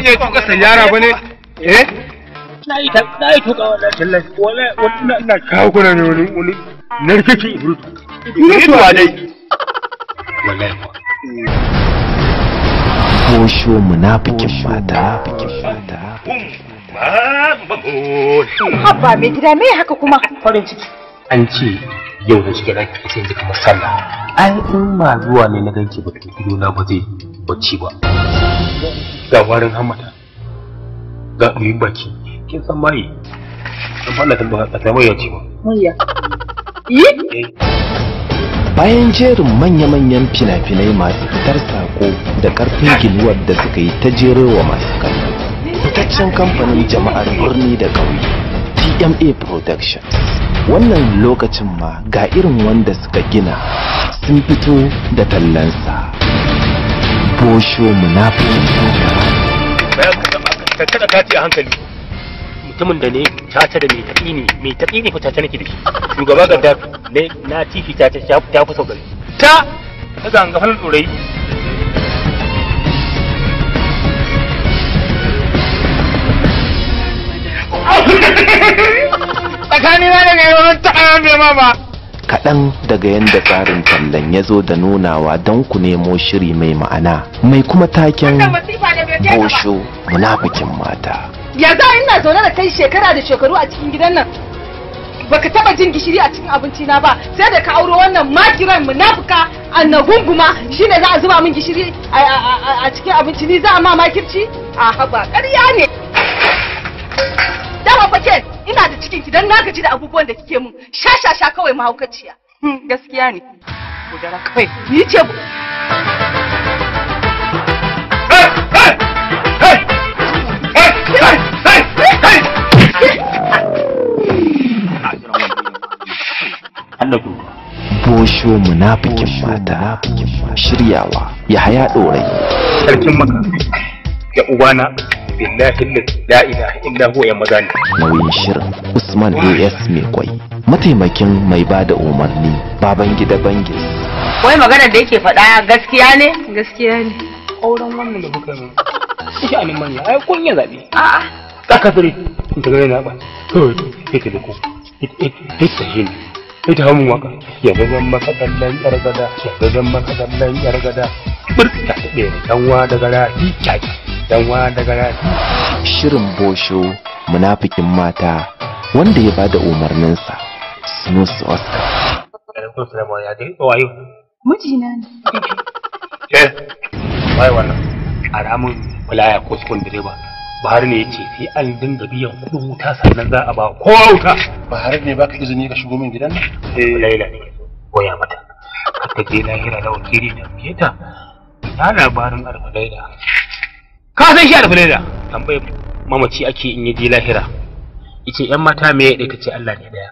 kan iya tuka sayara ba ne eh na yi tuka wannan ina kawo kuna ne wani wani narkaki ibrutu ibrutu dai wallahi ko sho munafikin mata Abba mai gida me haka kuma farin ciki. An ce yau da shiga daki sai kamar sallah. Ai in ma zuwa ne na ganki ba ki na ba zai bacci ba. ga warin hamata ga baki kin san mai an fara ta ba a mai yawanci ba eh. bayan jerin manya-manyan fina-finai masu fitar sako da karfin giluwar da suka yi ta jerewa masu kallon fitaccen kamfanin jama'ar birni da ƙauye tma Production), wannan lokacin ma ga irin wanda suka gina sun fito da tallansu bosho munafiki bayan ka taba ka kada kati a hankali mutumin da ne tata da mai tafi ne mai tafi ne fita ta nake da shi shugaba ga da ne na tifi ta ta ta fi saukari ta ta zanga hannun tsorai tsakanin na da ne wani ta'a bai ma ba kaɗan daga yadda tsarin tallan ya zo da nunawa don ku nemo shiri mai ma'ana mai kuma taken bosho munafikin mata ya za ina zaune da kai shekara da shekaru a cikin gidan nan baka taba jin gishiri a cikin abinci na ba sai da ka auro wannan makiran munafuka shi shine za a zuba min gishiri a cikin abinci ni za a ma makirci a haba ƙarya ne zaka ji da abubuwan da kike min sha sha sha kawai mahaukaciya hmm, gaskiya ne gudara kai ni ce bu Bosho munafikin mata shiryawa ya haya ɗorai. Sarkin maka ya uwana billahi la ilaha illa huwa yamma zani nauyin shirin usman as mai kwai mataimakin mai ba da umarni baban gida bangis wai maganar da yake faɗa gaskiya ne gaskiya ne auren wannan da kuka yi shi anin manya ai kun yi zabe a'a kaka dare in ta gare na ba to ita da ku ita shi ne ita hamun waka ya zazan maka dallan yar gada ya zazan maka dallan yar gada burka ta ɗaya ɗanwa daga rafi kyaki danwa daga rafi shirin bosho munafikin mata wanda ya bada umarninsa snus oscar mijina ne eh wai wannan a ramin wilaya ko sukun direba Bahar ne ya ce sai an dinga biyan kuɗin wuta sannan za a ba kowa wuta. Bahar ne baka izini ka shigo min gidan nan? Eh Laila ne koya mata. Ka je lahira da wakili da ta. Na labarin alfadaida ka san shi a da tambayar mamaci ake in yaje lahira yace yan mata me ya ta ce Allah ne daya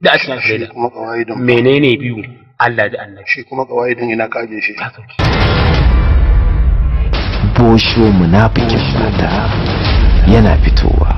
da a cikin fulera kuma kawaidan menene biyu Allah da Allah. shi kuma kawaidan ina kage shi bosho munafikin mata yana fitowa